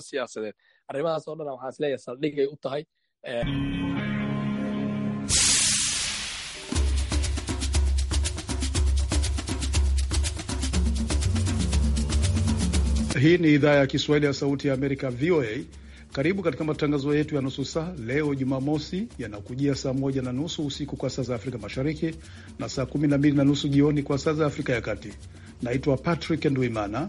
siyaasadeed arrimahaas oo dhan waxaa isleeyahay saldhigay u tahay Hii ni idhaa ya Kiswahili ya Sauti ya Amerika, VOA. Karibu katika matangazo yetu ya nusu saa leo Jumamosi, yanakujia saa moja na nusu usiku kwa saa za Afrika Mashariki na saa kumi na mbili na nusu jioni kwa saa za Afrika ya Kati. Naitwa Patrick Nduimana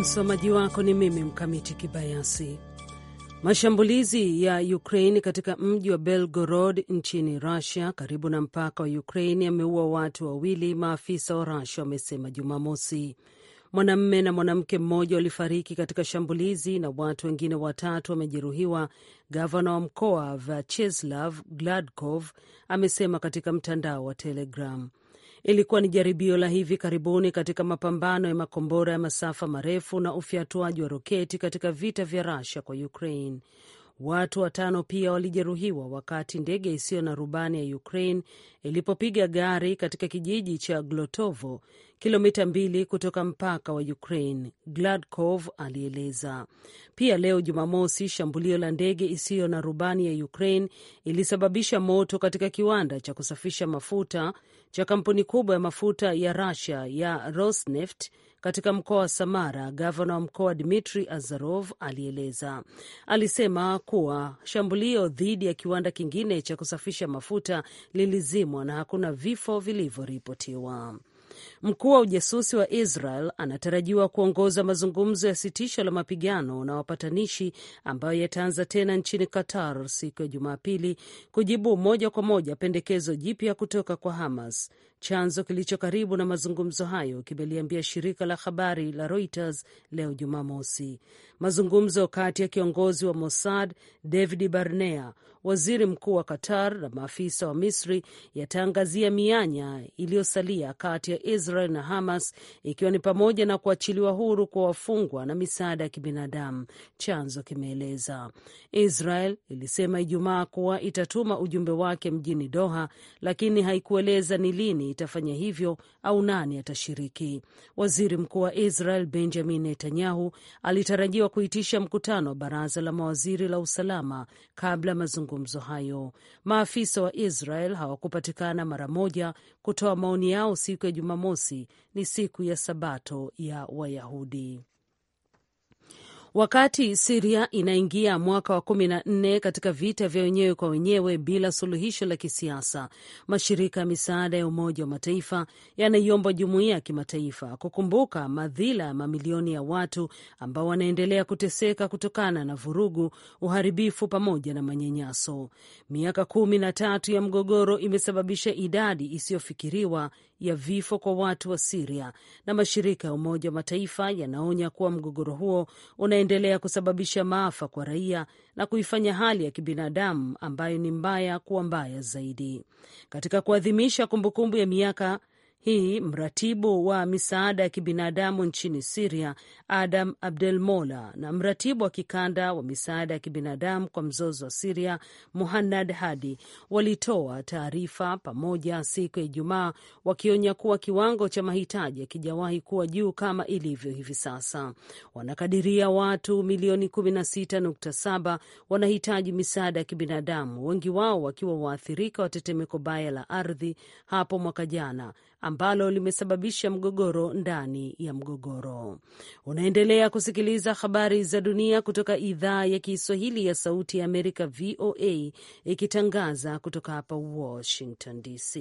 Msomaji wako ni mimi Mkamiti Kibayasi. Mashambulizi ya Ukraine katika mji wa Belgorod nchini Russia, karibu na mpaka wa Ukraine, yameua watu wawili, maafisa wa Russia wamesema Jumamosi. Mwanamme na mwanamke mmoja walifariki katika shambulizi na watu wengine watatu wamejeruhiwa, gavana wa mkoa Vyacheslav Gladkov amesema katika mtandao wa Telegram ilikuwa ni jaribio la hivi karibuni katika mapambano ya makombora ya masafa marefu na ufyatuaji wa roketi katika vita vya Russia kwa Ukraine. Watu watano pia walijeruhiwa wakati ndege isiyo na rubani ya Ukraine ilipopiga gari katika kijiji cha Glotovo kilomita mbili kutoka mpaka wa Ukraine, Gladkov alieleza. Pia leo Jumamosi, shambulio la ndege isiyo na rubani ya Ukraine ilisababisha moto katika kiwanda cha kusafisha mafuta cha kampuni kubwa ya mafuta ya Russia ya Rosneft katika mkoa wa Samara. Gavana wa mkoa Dmitri Azarov alieleza, alisema kuwa shambulio dhidi ya kiwanda kingine cha kusafisha mafuta lilizimwa na hakuna vifo vilivyoripotiwa. Mkuu wa ujasusi wa Israel anatarajiwa kuongoza mazungumzo ya sitisho la mapigano na wapatanishi ambayo yataanza tena nchini Qatar siku ya Jumapili, kujibu moja kwa moja pendekezo jipya kutoka kwa Hamas. Chanzo kilicho karibu na mazungumzo hayo kimeliambia shirika la habari la Reuters leo Jumamosi. Mazungumzo kati ya kiongozi wa Mossad David Barnea, waziri mkuu wa Qatar na maafisa wa Misri yataangazia mianya iliyosalia kati ya Israel na Hamas, ikiwa ni pamoja na kuachiliwa huru kwa wafungwa na misaada ya kibinadamu, chanzo kimeeleza. Israel ilisema Ijumaa kuwa itatuma ujumbe wake mjini Doha, lakini haikueleza ni lini itafanya hivyo au nani atashiriki. Waziri Mkuu wa Israel Benjamin Netanyahu alitarajiwa kuitisha mkutano wa baraza la mawaziri la usalama kabla ya mazungumzo hayo. Maafisa wa Israel hawakupatikana mara moja kutoa maoni yao siku ya Jumamosi, ni siku ya Sabato ya Wayahudi. Wakati Siria inaingia mwaka wa kumi na nne katika vita vya wenyewe kwa wenyewe bila suluhisho la kisiasa, mashirika ya misaada ya Umoja wa Mataifa yanaiomba jumuiya ya kimataifa kukumbuka madhila ya mamilioni ya watu ambao wanaendelea kuteseka kutokana na vurugu, uharibifu pamoja na manyanyaso. Miaka kumi na tatu ya mgogoro imesababisha idadi isiyofikiriwa ya vifo kwa watu wa Siria na mashirika ya Umoja wa Mataifa yanaonya kuwa mgogoro huo unaendelea kusababisha maafa kwa raia na kuifanya hali ya kibinadamu ambayo ni mbaya kuwa mbaya zaidi. Katika kuadhimisha kumbukumbu ya miaka hii mratibu wa misaada ya kibinadamu nchini Siria Adam abdel mola na mratibu wa kikanda wa misaada ya kibinadamu kwa mzozo wa Siria Muhannad Hadi walitoa taarifa pamoja siku ya Ijumaa wakionya kuwa kiwango cha mahitaji hakijawahi kuwa juu kama ilivyo hivi sasa. Wanakadiria watu milioni 16.7 wanahitaji misaada ya kibinadamu, wengi wao wakiwa waathirika wa tetemeko baya la ardhi hapo mwaka jana ambalo limesababisha mgogoro ndani ya mgogoro. Unaendelea kusikiliza habari za dunia kutoka idhaa ya Kiswahili ya Sauti ya Amerika, VOA, ikitangaza kutoka hapa Washington DC.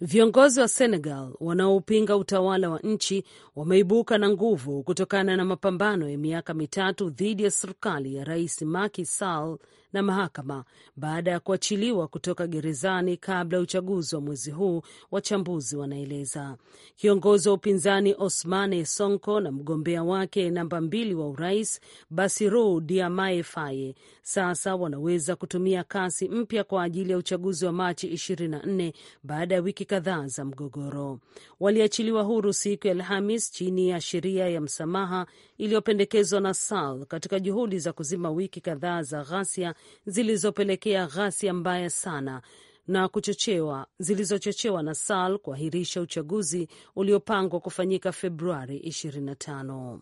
Viongozi wa Senegal wanaopinga utawala wa nchi wameibuka na nguvu kutokana na mapambano ya miaka mitatu dhidi ya serikali ya Rais Macky Sall na mahakama baada ya kuachiliwa kutoka gerezani kabla ya uchaguzi wa mwezi huu, wachambuzi wanaeleza. Kiongozi wa upinzani osmane Sonko na mgombea wake namba mbili wa urais Bassirou Diomaye Faye sasa wanaweza kutumia kasi mpya kwa ajili ya uchaguzi wa Machi 24 baada ya wiki kadhaa za mgogoro. Waliachiliwa huru siku ya Alhamis chini ya sheria ya msamaha iliyopendekezwa na SAL katika juhudi za kuzima wiki kadhaa za ghasia zilizopelekea ghasia mbaya sana na kuchochewa zilizochochewa na SAL kuahirisha uchaguzi uliopangwa kufanyika Februari 25.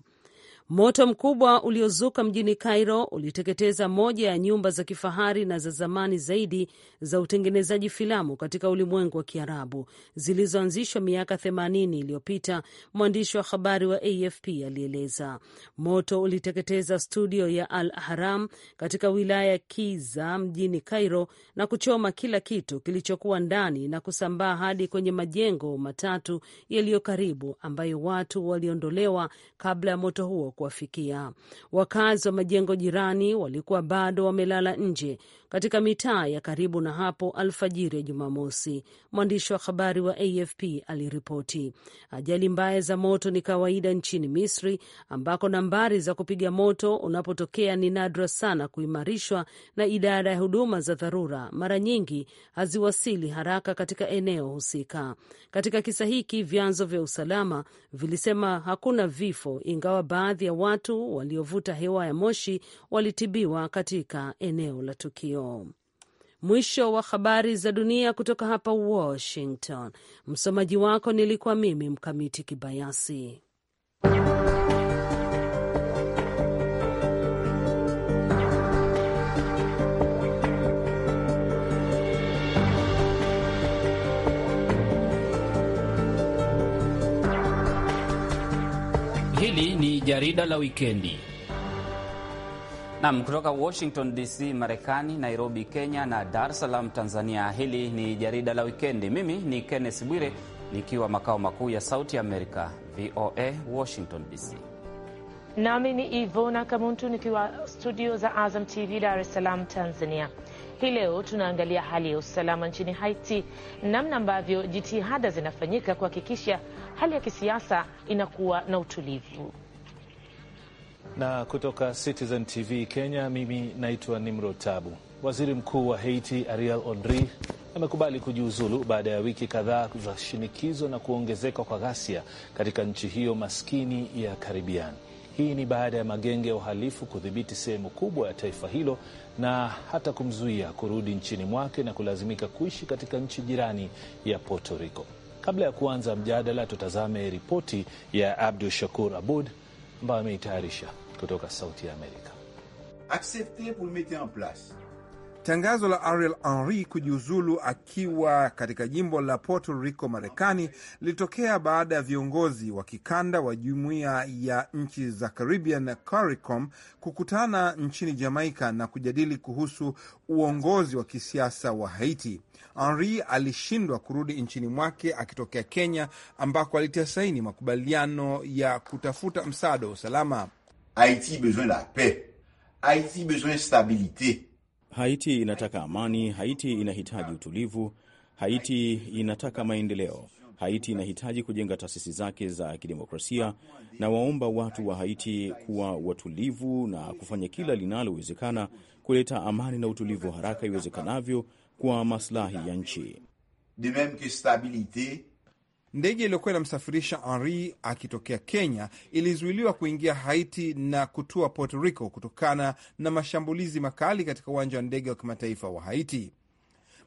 Moto mkubwa uliozuka mjini Cairo uliteketeza moja ya nyumba za kifahari na za zamani zaidi za utengenezaji filamu katika ulimwengu wa Kiarabu zilizoanzishwa miaka 80 iliyopita, mwandishi wa habari wa AFP alieleza. Moto uliteketeza studio ya Al Haram katika wilaya Kiza mjini Cairo na kuchoma kila kitu kilichokuwa ndani na kusambaa hadi kwenye majengo matatu yaliyo karibu ambayo watu waliondolewa kabla ya moto huo kuwafikia. Wakazi wa majengo jirani walikuwa bado wamelala nje katika mitaa ya karibu na hapo alfajiri ya Jumamosi, mwandishi wa habari wa AFP aliripoti. Ajali mbaya za moto ni kawaida nchini Misri, ambako nambari za kupiga moto unapotokea ni nadra sana kuimarishwa, na idara ya huduma za dharura mara nyingi haziwasili haraka katika eneo husika. Katika kisa hiki, vyanzo vya usalama vilisema hakuna vifo, ingawa baadhi ya watu waliovuta hewa ya moshi walitibiwa katika eneo la tukio. Mwisho wa habari za dunia kutoka hapa Washington. Msomaji wako nilikuwa mimi Mkamiti Kibayasi. Jarida la wikendi. Nam kutoka Washington DC, Marekani, Nairobi, Kenya na Dar es Salaam, Tanzania. Hili ni jarida la wikendi. Mimi ni Kenneth Bwire nikiwa makao makuu ya Sauti ya Amerika, VOA Washington DC. Nami ni Ivona Kamuntu nikiwa studio za Azam TV Dar es Salaam, Tanzania. Hii leo tunaangalia hali ya usalama nchini Haiti, namna ambavyo jitihada zinafanyika kuhakikisha hali ya kisiasa inakuwa na utulivu. Na kutoka Citizen TV Kenya, mimi naitwa Nimrod Tabu. Waziri Mkuu wa Haiti Ariel Henry amekubali kujiuzulu baada ya wiki kadhaa za shinikizo na kuongezeka kwa ghasia katika nchi hiyo maskini ya Karibiani. Hii ni baada ya magenge ya uhalifu kudhibiti sehemu kubwa ya taifa hilo na hata kumzuia kurudi nchini mwake na kulazimika kuishi katika nchi jirani ya Puerto Rico. Kabla ya kuanza mjadala, tutazame ripoti ya Abdu Shakur Abud ambayo ameitayarisha kutoka Sauti ya Amerika. Tangazo la Ariel Henry kujiuzulu akiwa katika jimbo la Puerto Rico, Marekani, lilitokea baada ya viongozi wa kikanda wa jumuiya ya nchi za Caribbean, CARICOM, kukutana nchini Jamaika na kujadili kuhusu uongozi wa kisiasa wa Haiti. Henry alishindwa kurudi nchini mwake akitokea Kenya, ambako alitia saini makubaliano ya kutafuta msaada wa usalama. Haiti besoin la paix. Haiti besoin stabilité. Haiti inataka amani, Haiti inahitaji utulivu, Haiti inataka maendeleo. Haiti inahitaji kujenga taasisi zake za kidemokrasia na waomba watu wa Haiti kuwa watulivu na kufanya kila linalowezekana kuleta amani na utulivu haraka iwezekanavyo kwa maslahi ya nchi. De même que stabilité Ndege iliyokuwa inamsafirisha Henri akitokea Kenya ilizuiliwa kuingia Haiti na kutua Puerto Rico kutokana na mashambulizi makali katika uwanja wa ndege wa kimataifa wa Haiti.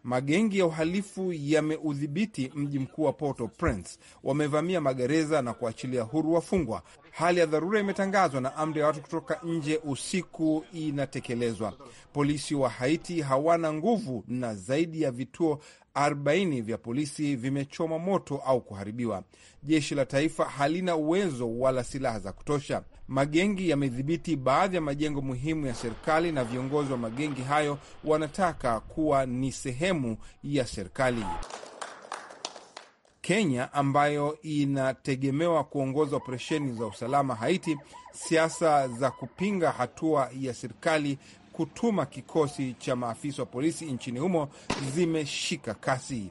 Magengi ya uhalifu yameudhibiti mji mkuu wa Port-au-Prince, wamevamia magereza na kuachilia huru wafungwa. Hali ya dharura imetangazwa na amri ya watu kutoka nje usiku inatekelezwa. Polisi wa Haiti hawana nguvu na zaidi ya vituo 40 vya polisi vimechoma moto au kuharibiwa. Jeshi la taifa halina uwezo wala silaha za kutosha. Magengi yamedhibiti baadhi ya majengo muhimu ya serikali, na viongozi wa magengi hayo wanataka kuwa ni sehemu ya serikali. Kenya ambayo inategemewa kuongoza operesheni za usalama Haiti, siasa za kupinga hatua ya serikali kutuma kikosi cha maafisa wa polisi nchini humo zimeshika kasi.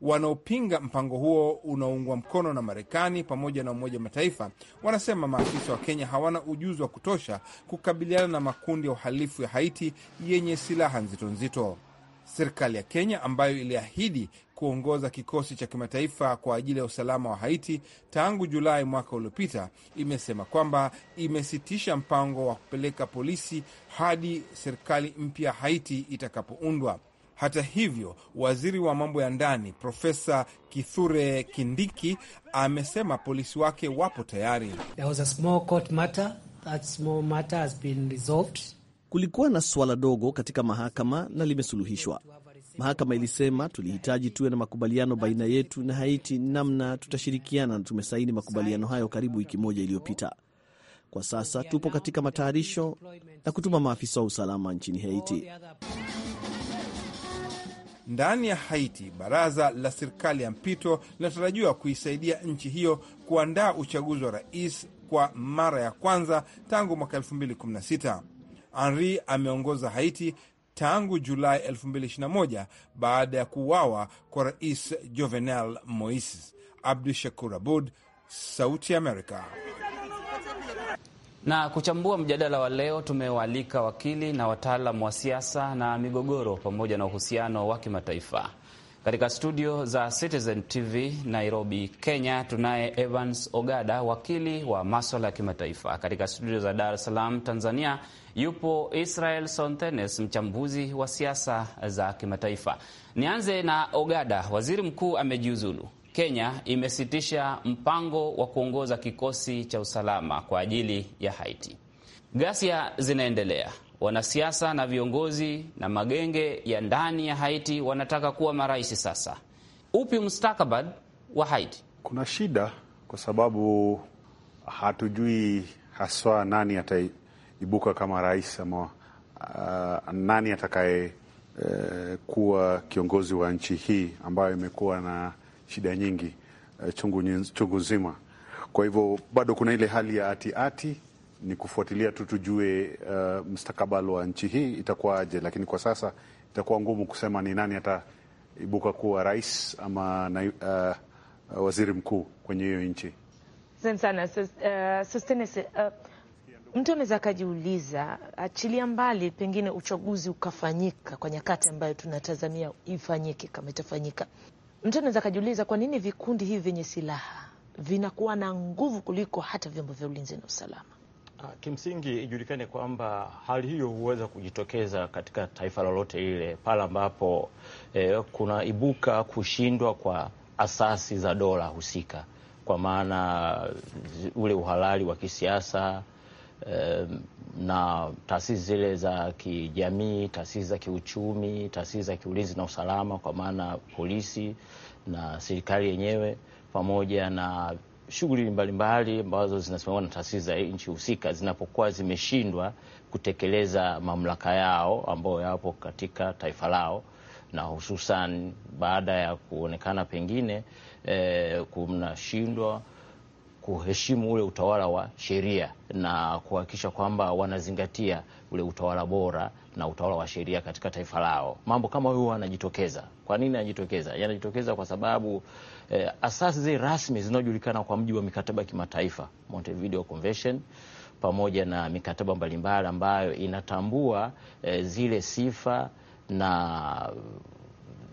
Wanaopinga mpango huo unaoungwa mkono na Marekani pamoja na Umoja wa Mataifa wanasema maafisa wa Kenya hawana ujuzi wa kutosha kukabiliana na makundi ya uhalifu ya Haiti yenye silaha nzito nzito. Serikali ya Kenya ambayo iliahidi kuongoza kikosi cha kimataifa kwa ajili ya usalama wa Haiti tangu Julai mwaka uliopita, imesema kwamba imesitisha mpango wa kupeleka polisi hadi serikali mpya Haiti itakapoundwa. Hata hivyo, waziri wa mambo ya ndani Profesa Kithure Kindiki amesema polisi wake wapo tayari. There was a small court matter. That small matter has been resolved. Kulikuwa na swala dogo katika mahakama na limesuluhishwa. Mahakama ilisema tulihitaji tuwe na makubaliano baina yetu na Haiti namna tutashirikiana, na tumesaini makubaliano hayo karibu wiki moja iliyopita. Kwa sasa tupo katika matayarisho na kutuma maafisa wa usalama nchini Haiti. Ndani ya Haiti, baraza la serikali ya mpito linatarajiwa kuisaidia nchi hiyo kuandaa uchaguzi wa rais kwa mara ya kwanza tangu mwaka 2016. Henri ameongoza Haiti tangu Julai 2021 baada ya kuuawa kwa Rais Jovenel mois Abdu Shakur Abud, Sauti ya Amerika. Na kuchambua mjadala wa leo, tumewaalika wakili na wataalam wa siasa na migogoro pamoja na uhusiano wa kimataifa. Katika studio za Citizen TV Nairobi, Kenya, tunaye Evans Ogada, wakili wa maswala ya kimataifa. Katika studio za Dar es Salaam, Tanzania, yupo Israel Sontenes, mchambuzi wa siasa za kimataifa. Nianze na Ogada. Waziri mkuu amejiuzulu. Kenya imesitisha mpango wa kuongoza kikosi cha usalama kwa ajili ya Haiti. Ghasia zinaendelea wanasiasa na viongozi na magenge ya ndani ya Haiti wanataka kuwa marais. Sasa upi mustakabali wa Haiti? Kuna shida kwa sababu hatujui haswa nani ataibuka kama rais ama uh, nani atakaye uh, kuwa kiongozi wa nchi hii ambayo imekuwa na shida nyingi uh, chungu, chungu zima. Kwa hivyo bado kuna ile hali ya atiati ati, ni kufuatilia tu tujue, uh, mstakabali wa nchi hii itakuwaje, lakini kwa sasa itakuwa ngumu kusema ni nani ataibuka kuwa rais ama na, uh, waziri mkuu kwenye hiyo nchi. Asante sana Sostenes. Uh, uh, mtu anaweza akajiuliza, achilia mbali pengine uchaguzi ukafanyika kwa nyakati ambayo tunatazamia ifanyike, kama itafanyika, mtu anaweza akajiuliza kwa nini vikundi hivi vyenye silaha vinakuwa na nguvu kuliko hata vyombo vya ulinzi na usalama. Ah, kimsingi ijulikane kwamba hali hiyo huweza kujitokeza katika taifa lolote lile pale ambapo eh, ibuka kushindwa kwa asasi za dola husika, kwa maana ule uhalali wa kisiasa eh, na taasisi zile za kijamii, taasisi za kiuchumi, taasisi za kiulinzi na usalama, kwa maana polisi na serikali yenyewe pamoja na shughuli mbalimbali ambazo zinasimamiwa na taasisi za nchi husika zinapokuwa zimeshindwa kutekeleza mamlaka yao ambayo yapo katika taifa lao, na hususan baada ya kuonekana pengine e, kunashindwa kuheshimu ule utawala wa sheria na kuhakikisha kwamba wanazingatia ule utawala bora na utawala wa sheria katika taifa lao. Mambo kama huyo yanajitokeza. Kwa nini yanajitokeza? Yanajitokeza kwa sababu eh, asasi zile rasmi zinazojulikana kwa mjibu wa mikataba ya kimataifa Montevideo Convention pamoja na mikataba mbalimbali ambayo inatambua eh, zile sifa na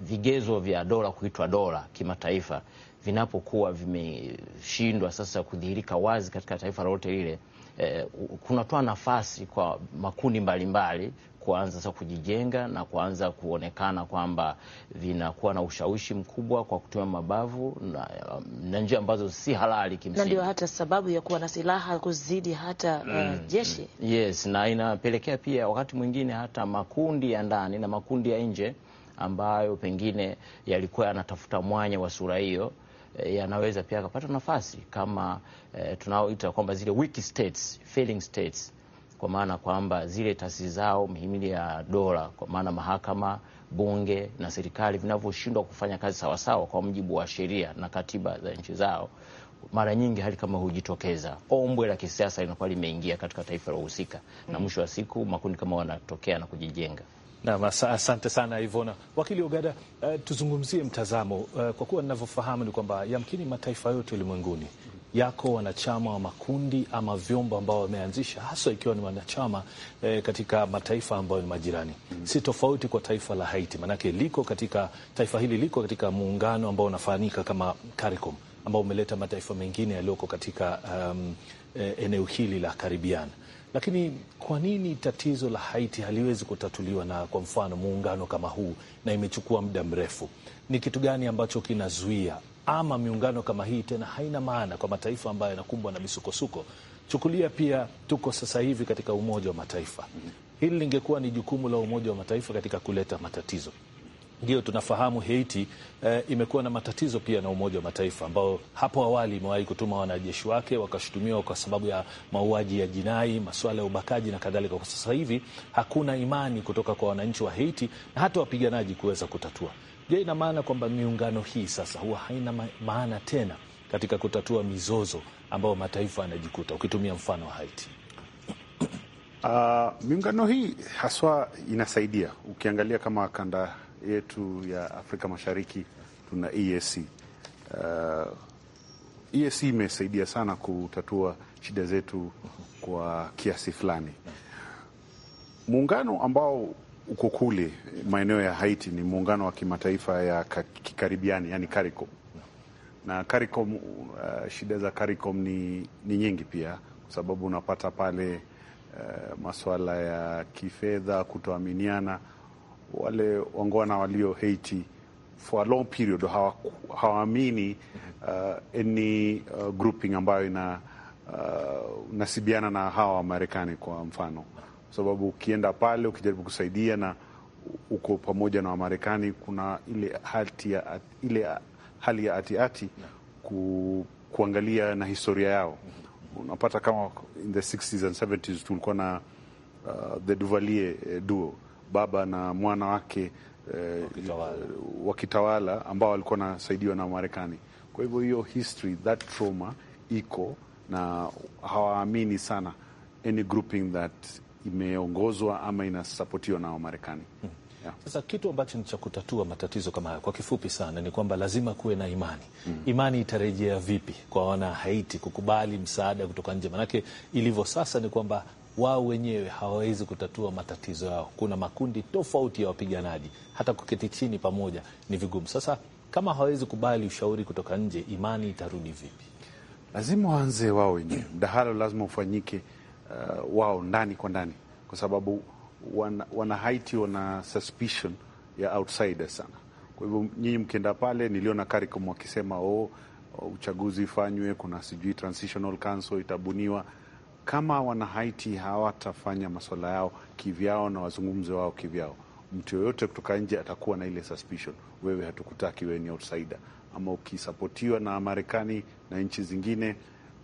vigezo vya dola kuitwa dola kimataifa vinapokuwa vimeshindwa sasa kudhihirika wazi katika taifa lolote lile, eh, kunatoa nafasi kwa makundi mbalimbali kuanza sasa kujijenga na kuanza kuonekana kwamba vinakuwa na ushawishi mkubwa kwa kutumia mabavu na, na njia ambazo si halali kimsingi, na ndio hata sababu ya kuwa na silaha kuzidi hata uh, mm, uh, jeshi yes, na inapelekea pia wakati mwingine hata makundi ya ndani na makundi ya nje ambayo pengine yalikuwa yanatafuta mwanya wa sura hiyo eh, yanaweza pia akapata nafasi kama eh, tunaoita kwamba zile weak states, failing states kwa maana kwamba zile taasisi zao, mihimili ya dola, kwa maana mahakama, bunge na serikali, vinavyoshindwa kufanya kazi sawasawa kwa mujibu wa sheria na katiba za nchi zao, mara nyingi hali kama hujitokeza, ombwe la kisiasa linakuwa limeingia katika taifa lohusika mm na mwisho wa siku makundi kama wanatokea na kujijenga. Naam, asante sana Ivona. Wakili Ogada, uh, tuzungumzie mtazamo uh, kwa kuwa ninavyofahamu ni kwamba yamkini mataifa yote ulimwenguni yako wanachama wa makundi ama vyombo ambao wameanzisha haswa ikiwa ni wanachama e, katika mataifa ambayo ni majirani mm -hmm. Si tofauti kwa taifa la Haiti, manake liko katika taifa hili liko katika muungano ambao unafahamika kama CARICOM ambao umeleta mataifa mengine yaliyoko katika um, e, eneo hili la Karibian. Lakini kwa nini tatizo la Haiti haliwezi kutatuliwa na kwa mfano muungano kama huu, na imechukua muda mrefu? Ni kitu gani ambacho kinazuia ama miungano kama hii tena haina maana kwa mataifa ambayo yanakumbwa na misukosuko. Chukulia pia tuko sasa hivi katika Umoja wa Mataifa. Hili lingekuwa ni jukumu la Umoja wa Mataifa katika kuleta matatizo. Ndio tunafahamu Haiti eh, imekuwa na matatizo pia na Umoja wa Mataifa ambao hapo awali imewahi kutuma wanajeshi wake wakashutumiwa kwa sababu ya mauaji ya jinai, masuala ya ubakaji na kadhalika. Kwa sasa hivi hakuna imani kutoka kwa wananchi wa Haiti na hata wapiganaji kuweza kutatua. Je, ina maana kwamba miungano hii sasa huwa haina maana tena katika kutatua mizozo ambayo mataifa yanajikuta, ukitumia mfano wa Haiti? Uh, miungano hii haswa inasaidia ukiangalia kama kanda yetu ya Afrika Mashariki tuna EAC. Uh, ah, EAC imesaidia sana kutatua shida zetu kwa kiasi fulani. Muungano ambao uko kule maeneo ya Haiti ni muungano wa kimataifa ya kikaribiani, yani CARICOM na CARICOM. Uh, shida za CARICOM ni, ni nyingi pia, kwa sababu unapata pale uh, masuala ya kifedha, kutoaminiana. Wale wangwana walio Haiti for a long period hawaamini uh, any uh, grouping ambayo ina uh, nasibiana na hawa marekani kwa mfano kwa sababu ukienda pale ukijaribu kusaidia na uko pamoja na Wamarekani, kuna ile hali ya, ile hali ya ati ku, kuangalia na historia yao. Unapata kama in the 60s and 70s tulikuwa na uh, the Duvalier eh, duo, baba na mwana wake uh, wakitawala ambao walikuwa wanasaidiwa na Wamarekani. Kwa hivyo hiyo history, that trauma iko na hawaamini sana any grouping that imeongozwa ama inasapotiwa na Wamarekani. hmm. Yeah. Sasa kitu ambacho ni cha kutatua matatizo kama haya kwa kifupi sana ni kwamba lazima kuwe na imani. Mm. Imani itarejea vipi kwa wana Haiti kukubali msaada kutoka nje? Manake ilivyo sasa ni kwamba wao wenyewe hawawezi kutatua matatizo yao. Kuna makundi tofauti ya wapiganaji, hata kuketi chini pamoja ni vigumu. Sasa kama hawawezi kubali ushauri kutoka nje, imani itarudi vipi? Lazima waanze wao wenyewe, mdahalo lazima ufanyike uh, wao ndani kwa ndani, kwa sababu wana, wana Haiti wana suspicion ya outsider sana. Kwa hivyo nyinyi mkienda pale, niliona CARICOM wakisema oh, uh, uchaguzi ifanywe, kuna sijui transitional council itabuniwa. Kama wana Haiti hawatafanya masuala yao kivyao na wazungumzi wao kivyao, mtu yoyote kutoka nje atakuwa na ile suspicion, wewe hatukutaki, wewe ni outsider. Ama ukisapotiwa na Marekani na nchi zingine,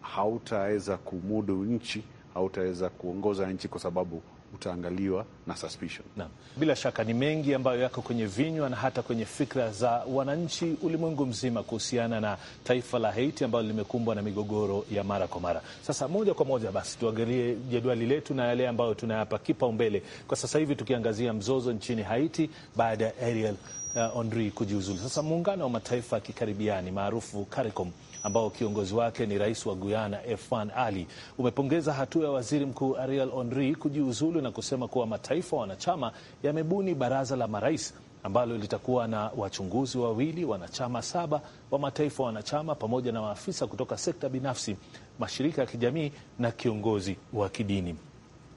hautaweza kumudu nchi hautaweza kuongoza nchi kwa sababu utaangaliwa na suspicion. Na bila shaka ni mengi ambayo yako kwenye vinywa na hata kwenye fikra za wananchi ulimwengu mzima kuhusiana na taifa la Haiti ambalo limekumbwa na migogoro ya mara kwa mara. Sasa moja kwa moja basi tuangalie jedwali letu na yale ambayo tunayapa kipaumbele kwa sasa hivi, tukiangazia mzozo nchini Haiti baada ya Ariel uh, eh, Henry kujiuzulu. Sasa muungano wa mataifa ya kikaribiani maarufu CARICOM ambao kiongozi wake ni rais wa Guyana F1 Ali umepongeza hatua ya waziri mkuu Ariel Henry kujiuzulu na kusema kuwa mataifa wanachama yamebuni baraza la marais ambalo litakuwa na wachunguzi wawili, wanachama saba wa mataifa wanachama, pamoja na maafisa kutoka sekta binafsi, mashirika ya kijamii na kiongozi wa kidini.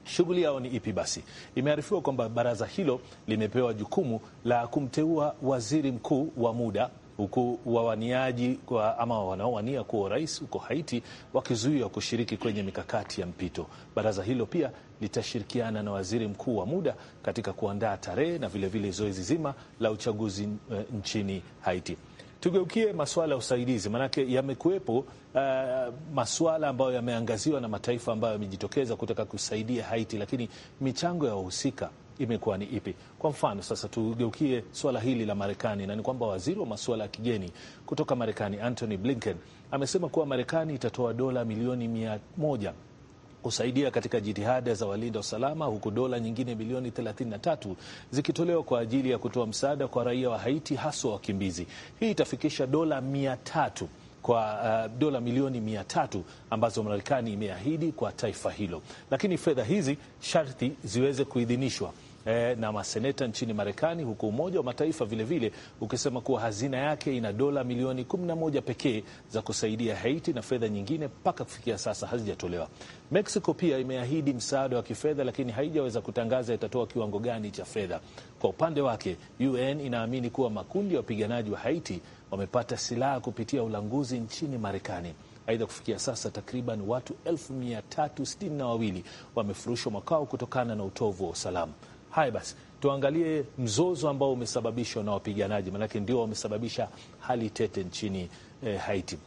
Shughuli yao ni ipi basi? Imearifiwa kwamba baraza hilo limepewa jukumu la kumteua waziri mkuu wa muda huku wawaniaji ama wanaowania kuwa rais huko Haiti wakizuiwa kushiriki kwenye mikakati ya mpito. Baraza hilo pia litashirikiana na waziri mkuu wa muda katika kuandaa tarehe na vilevile zoezi zima la uchaguzi eh, nchini Haiti. Tugeukie masuala ya usaidizi, maanake yamekuwepo uh, eh, masuala ambayo yameangaziwa na mataifa ambayo yamejitokeza kutaka kusaidia Haiti, lakini michango ya wahusika imekuwa ni ipi? Kwa mfano sasa tugeukie swala hili la Marekani, na ni kwamba waziri wa masuala ya kigeni kutoka Marekani Antony Blinken amesema kuwa Marekani itatoa dola milioni mia moja kusaidia katika jitihada za walinda usalama huku dola nyingine milioni 33 zikitolewa kwa ajili ya kutoa msaada kwa raia wa Haiti, haswa wakimbizi. Hii itafikisha dola mia tatu kwa uh, dola milioni mia tatu ambazo Marekani imeahidi kwa taifa hilo, lakini fedha hizi sharti ziweze kuidhinishwa eh, na maseneta nchini Marekani, huku Umoja wa Mataifa vilevile vile, ukisema kuwa hazina yake ina dola milioni 11 pekee za kusaidia Haiti na fedha nyingine mpaka kufikia sasa hazijatolewa. Mexico pia imeahidi msaada wa kifedha, lakini haijaweza kutangaza itatoa kiwango gani cha fedha. Kwa upande wake, UN inaamini kuwa makundi ya wapiganaji wa Haiti wamepata silaha kupitia ulanguzi nchini Marekani. Aidha, kufikia sasa takriban watu elfu mia tatu sitini na wawili wamefurushwa makao kutokana na utovu wa usalama. Haya basi, tuangalie mzozo ambao umesababishwa na wapiganaji, maanake ndio wamesababisha hali tete nchini eh, Haiti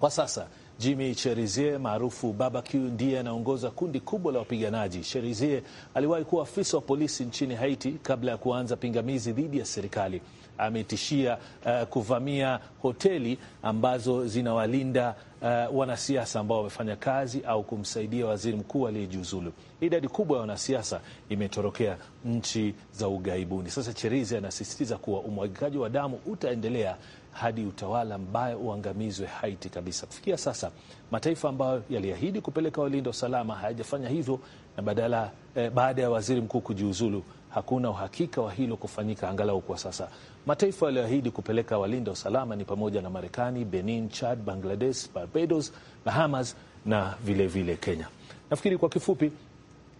kwa sasa. Jimmy Cherizier maarufu Barbecue ndiye anaongoza kundi kubwa la wapiganaji. Cherizier aliwahi kuwa afisa wa polisi nchini Haiti kabla ya kuanza pingamizi dhidi ya serikali ametishia uh, kuvamia hoteli ambazo zinawalinda uh, wanasiasa ambao wamefanya kazi au kumsaidia waziri mkuu aliyejiuzulu. Idadi kubwa ya wanasiasa imetorokea nchi za ughaibuni. Sasa Cherizi anasisitiza kuwa umwagikaji wa damu utaendelea hadi utawala mbayo uangamizwe Haiti kabisa. Kufikia sasa, mataifa ambayo yaliahidi kupeleka walinda usalama hayajafanya hivyo, na badala eh, baada ya waziri mkuu kujiuzulu hakuna uhakika wa hilo kufanyika angalau kwa sasa. Mataifa yaliyoahidi kupeleka walinda usalama ni pamoja na Marekani, Benin, Chad, Bangladesh, Barbados, Bahamas na vilevile vile Kenya. Nafikiri kwa kifupi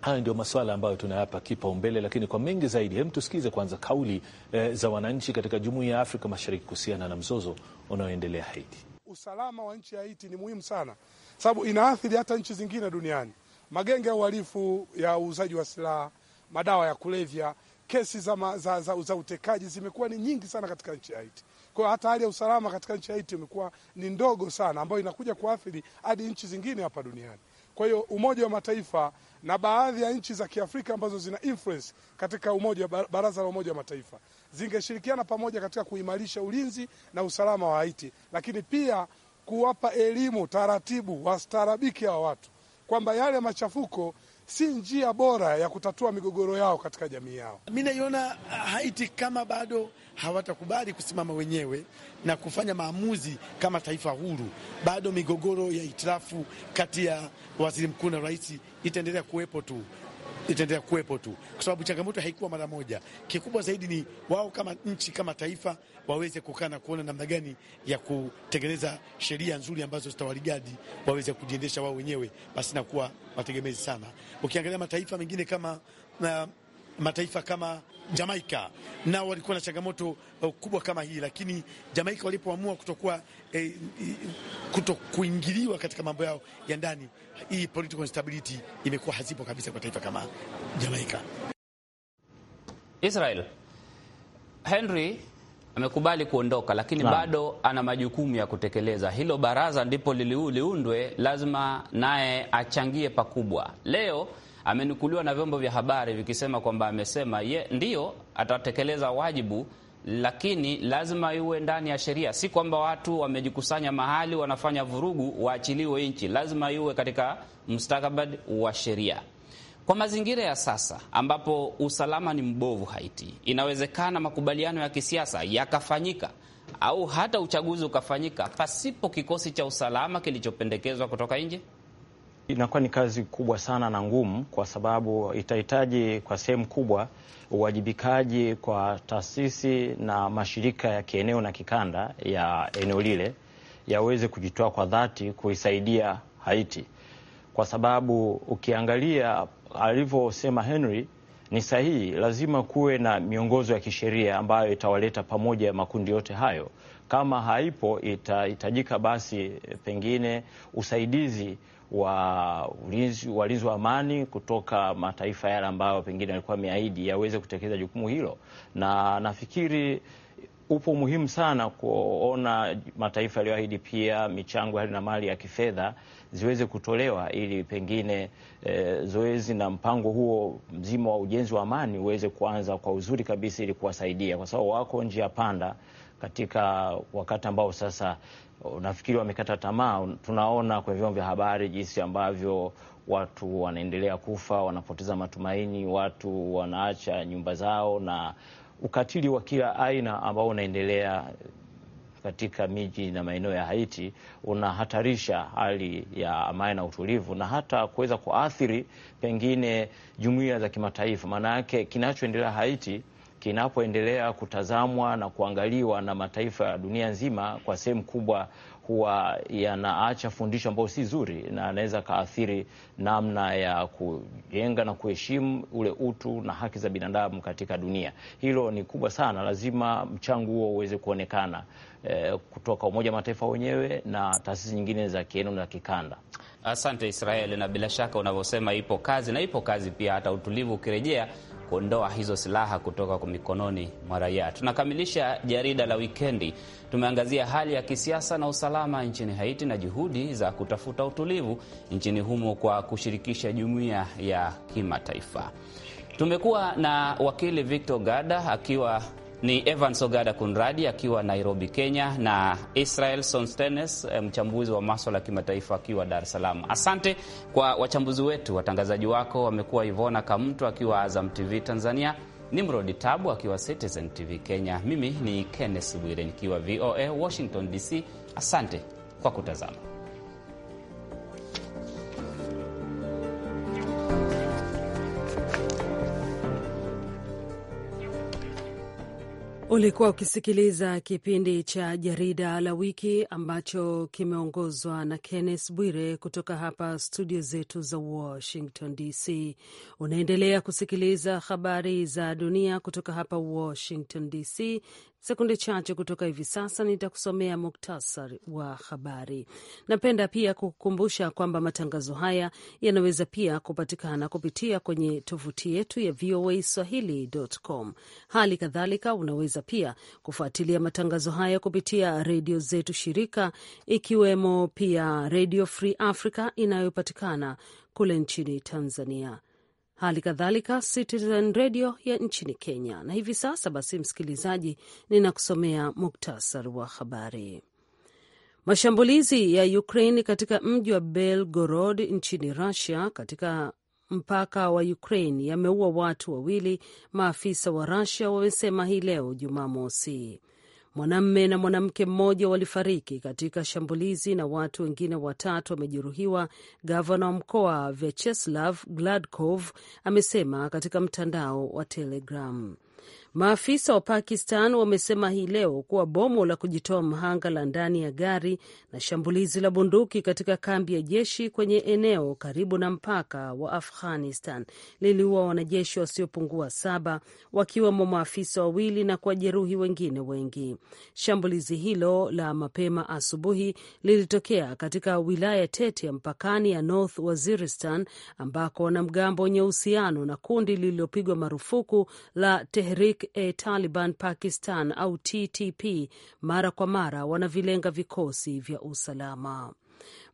haya ndio masuala ambayo tunayapa kipaumbele, lakini kwa mengi zaidi, hem, tusikize kwanza kauli eh, za wananchi katika jumuiya ya Afrika Mashariki kuhusiana na mzozo unaoendelea Haiti. Usalama wa nchi ya Haiti ni muhimu sana, sababu inaathiri hata nchi zingine duniani, magenge ya uhalifu ya uuzaji wa silaha madawa ya kulevya, kesi za, ma, za, za, za utekaji zimekuwa ni nyingi sana katika nchi ya Haiti. Kwa hiyo hata hali ya usalama katika nchi ya Haiti imekuwa ni ndogo sana, ambayo inakuja kuathiri hadi nchi zingine hapa duniani. Kwa hiyo Umoja wa Mataifa na baadhi ya nchi za Kiafrika ambazo zina influence katika umoja, baraza la Umoja wa Mataifa zingeshirikiana pamoja katika kuimarisha ulinzi na usalama wa Haiti, lakini pia kuwapa elimu taratibu, wastarabiki hawa watu kwamba yale machafuko si njia bora ya kutatua migogoro yao katika jamii yao. Mi naiona ah, Haiti kama bado hawatakubali kusimama wenyewe na kufanya maamuzi kama taifa huru, bado migogoro ya itilafu kati ya waziri mkuu na rais itaendelea kuwepo tu itaendelea kuwepo tu, kwa sababu changamoto haikuwa mara moja. Kikubwa zaidi ni wao kama nchi, kama taifa, waweze kukaa na kuona namna gani ya kutengeneza sheria nzuri ambazo zitawaligadi waweze kujiendesha wao wenyewe basi na kuwa wategemezi sana. Ukiangalia mataifa mengine kama na mataifa kama Jamaika nao walikuwa na changamoto uh, kubwa kama hii, lakini Jamaika walipoamua kutokuwa e, eh, kuto kuingiliwa katika mambo yao ya ndani, hii political instability imekuwa hazipo kabisa kwa taifa kama Jamaika. Israel Henry amekubali kuondoka lakini na bado ana majukumu ya kutekeleza. Hilo baraza ndipo liliundwe, lazima naye achangie pakubwa leo amenukuliwa na vyombo vya habari vikisema kwamba amesema ye ndiyo atatekeleza wajibu, lakini lazima iwe ndani ya sheria. Si kwamba watu wamejikusanya mahali wanafanya vurugu waachiliwe nchi, lazima iwe katika mustakabali wa sheria. Kwa mazingira ya sasa ambapo usalama ni mbovu Haiti, inawezekana makubaliano ya kisiasa yakafanyika au hata uchaguzi ukafanyika pasipo kikosi cha usalama kilichopendekezwa kutoka nje. Inakuwa ni kazi kubwa sana na ngumu, kwa sababu itahitaji kwa sehemu kubwa uwajibikaji kwa taasisi na mashirika ya kieneo na kikanda ya eneo lile yaweze kujitoa kwa dhati kuisaidia Haiti, kwa sababu ukiangalia alivyosema Henry ni sahihi. Lazima kuwe na miongozo ya kisheria ambayo itawaleta pamoja makundi yote hayo. Kama haipo, itahitajika basi pengine usaidizi wa ulinzi walinzi wa amani kutoka mataifa yale ambayo pengine alikuwa ameahidi yaweze kutekeleza jukumu hilo, na nafikiri upo umuhimu sana kuona mataifa yaliyoahidi pia michango hali na mali ya kifedha ziweze kutolewa ili pengine e, zoezi na mpango huo mzima wa ujenzi wa amani uweze kuanza kwa uzuri kabisa ili kuwasaidia, kwa sababu wako njia panda katika wakati ambao sasa nafikiri wamekata tamaa. Tunaona kwenye vyombo vya habari jinsi ambavyo watu wanaendelea kufa, wanapoteza matumaini, watu wanaacha nyumba zao na ukatili wa kila aina ambao unaendelea katika miji na maeneo ya Haiti unahatarisha hali ya amani na utulivu na hata kuweza kuathiri pengine jumuiya za kimataifa. Maana yake kinachoendelea Haiti kinapoendelea kutazamwa na kuangaliwa na mataifa ya dunia nzima, kwa sehemu kubwa huwa yanaacha fundisho ambayo si zuri na anaweza kaathiri namna ya kujenga na kuheshimu ule utu na haki za binadamu katika dunia. Hilo ni kubwa sana, lazima mchango huo uweze kuonekana eh, kutoka Umoja wa Mataifa wenyewe na taasisi nyingine za kieneo na kikanda. Asante Israeli, na bila shaka unavyosema, ipo kazi na ipo kazi pia, hata utulivu ukirejea kuondoa hizo silaha kutoka kwa mikononi mwa raia. Tunakamilisha jarida la wikendi. Tumeangazia hali ya kisiasa na usalama nchini Haiti na juhudi za kutafuta utulivu nchini humo kwa kushirikisha jumuiya ya kimataifa. Tumekuwa na wakili Victor Gada akiwa ni Evans Ogada Kunradi akiwa Nairobi, Kenya, na Israel Sonstenes, eh, mchambuzi wa maswala ya kimataifa akiwa Dar es Salaam. Asante kwa wachambuzi wetu. Watangazaji wako wamekuwa Ivona Kamtu akiwa Azam TV Tanzania, mrodi Tabu akiwa Citizen TV Kenya. Mimi ni Kenneth Bwire nikiwa VOA Washington DC. Asante kwa kutazama. Ulikuwa ukisikiliza kipindi cha jarida la wiki ambacho kimeongozwa na Kenneth Bwire kutoka hapa studio zetu za Washington DC. Unaendelea kusikiliza habari za dunia kutoka hapa Washington DC, Sekunde chache kutoka hivi sasa nitakusomea muktasari wa habari. Napenda pia kukukumbusha kwamba matangazo haya yanaweza pia kupatikana kupitia kwenye tovuti yetu ya VOA Swahili.com. Hali kadhalika unaweza pia kufuatilia matangazo haya kupitia redio zetu shirika, ikiwemo pia redio Free Africa inayopatikana kule nchini Tanzania hali kadhalika Citizen Radio ya nchini Kenya. Na hivi sasa basi, msikilizaji, ninakusomea muktasari wa habari. Mashambulizi ya Ukraine katika mji wa Belgorod nchini Russia katika mpaka wa Ukraine yameua watu wawili, maafisa wa Russia wamesema hii leo Jumamosi. Mwanamme na mwanamke mmoja walifariki katika shambulizi na watu wengine watatu wamejeruhiwa, gavana wa mkoa Vyacheslav Gladkov amesema katika mtandao wa Telegram. Maafisa wa Pakistan wamesema hii leo kuwa bomu la kujitoa mhanga la ndani ya gari na shambulizi la bunduki katika kambi ya jeshi kwenye eneo karibu na mpaka wa Afghanistan liliua wanajeshi wasiopungua saba, wakiwemo maafisa wawili na kuwajeruhi wengine wengi. Shambulizi hilo la mapema asubuhi lilitokea katika wilaya tete ya mpakani ya North Waziristan ambako wanamgambo wenye uhusiano na kundi lililopigwa marufuku la Tehrik e Taliban Pakistan au TTP mara kwa mara wanavilenga vikosi vya usalama.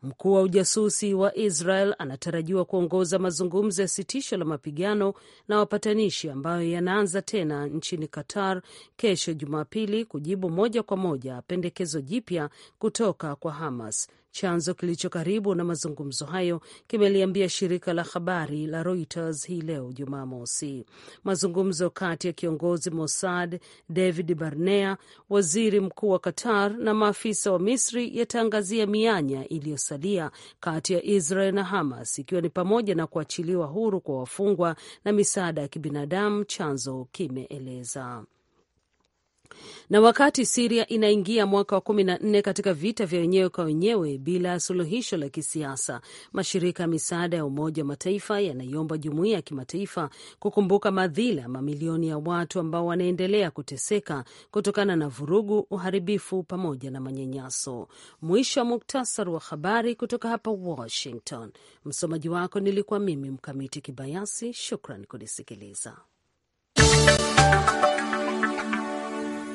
Mkuu wa ujasusi wa Israel anatarajiwa kuongoza mazungumzo ya sitisho la mapigano na wapatanishi ambayo yanaanza tena nchini Qatar kesho Jumapili, kujibu moja kwa moja pendekezo jipya kutoka kwa Hamas Chanzo kilicho karibu na mazungumzo hayo kimeliambia shirika la habari la Reuters hii leo Jumamosi. Mazungumzo kati ya kiongozi Mossad David Barnea, waziri mkuu wa Qatar na maafisa wa Misri yataangazia mianya iliyosalia kati ya Israel na Hamas, ikiwa ni pamoja na kuachiliwa huru kwa wafungwa na misaada ya kibinadamu, chanzo kimeeleza. Na wakati Siria inaingia mwaka wa kumi na nne katika vita vya wenyewe kwa wenyewe bila ya suluhisho la kisiasa, mashirika ya misaada ya Umoja wa Mataifa yanaiomba jumuiya ya kimataifa kukumbuka madhila mamilioni ya watu ambao wanaendelea kuteseka kutokana na vurugu, uharibifu pamoja na manyanyaso. Mwisho wa muktasar wa habari kutoka hapa Washington. Msomaji wako nilikuwa mimi Mkamiti Kibayasi. Shukran kunisikiliza.